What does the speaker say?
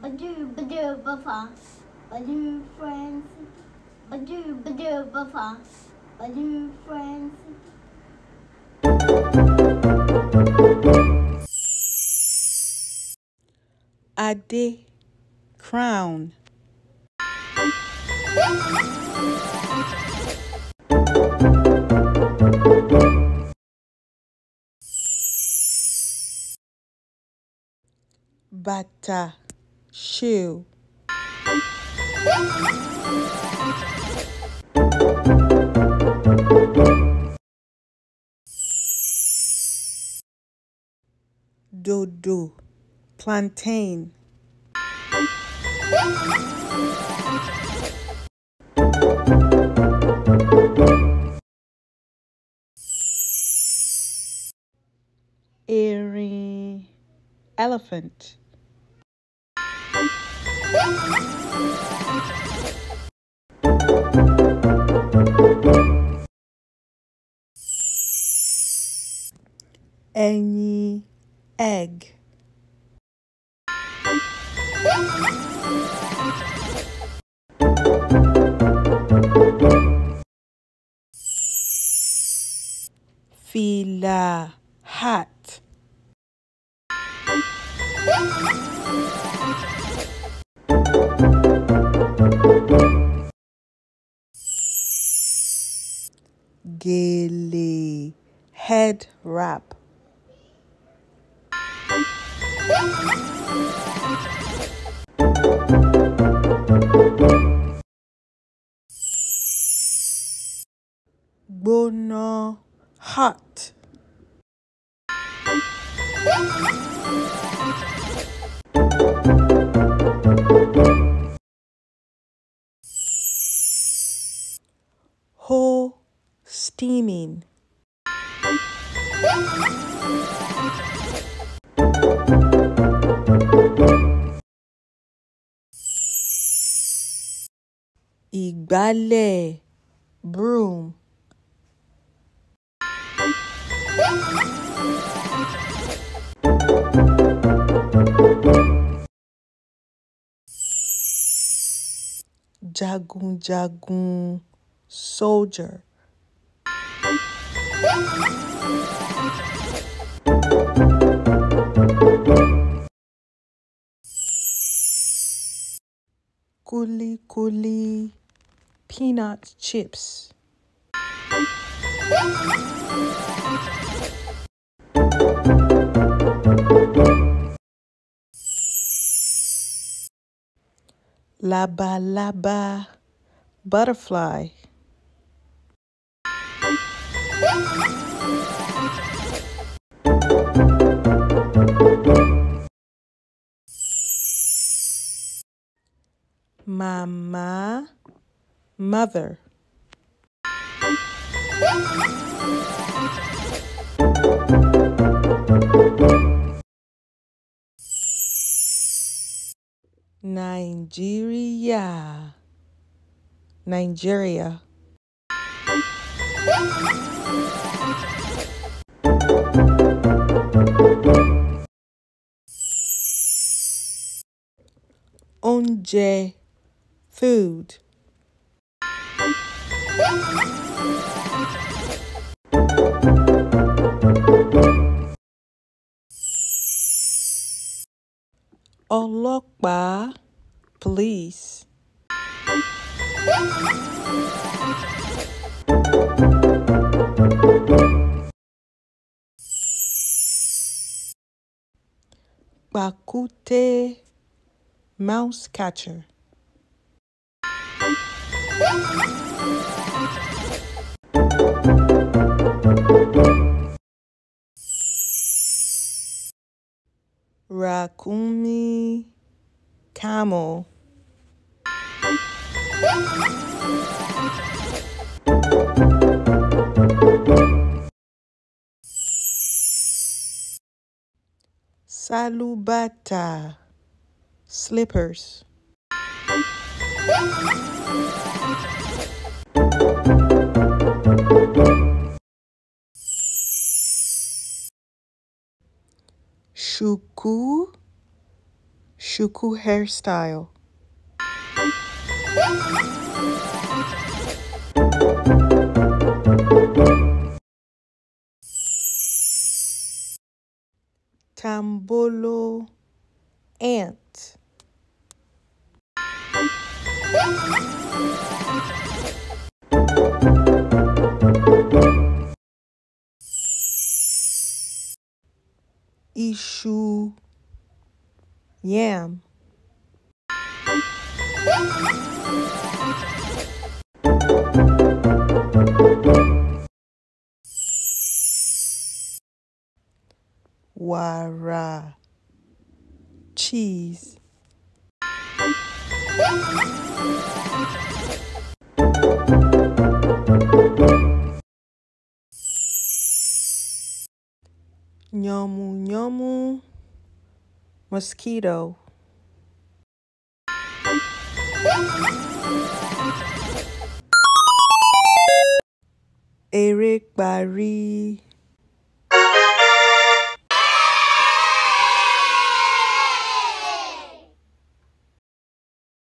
Badoo, badoo, buffa. Badoo, friends. Badoo, badoo, buffa. Badoo, friends. Ade, crown. Bata shoe, Dodo plantain airy, elephant any egg. Fila hat. gele, head wrap. Bono hot. Ho steaming. Ìgbálẹ̀ broom. Jagun soldier Kuli kuli peanut chips. Laba laba butterfly. mama, mother. Nigeria, Nigeria. Onje food. Olokpa, police. Bakute, mouse catcher. Rakumi camel. Salubata slippers. shuku shuku hairstyle. Tambolo ant. Shu Yam. Wara cheese. Nyamu nyamu. Mosquito. Eric Barry.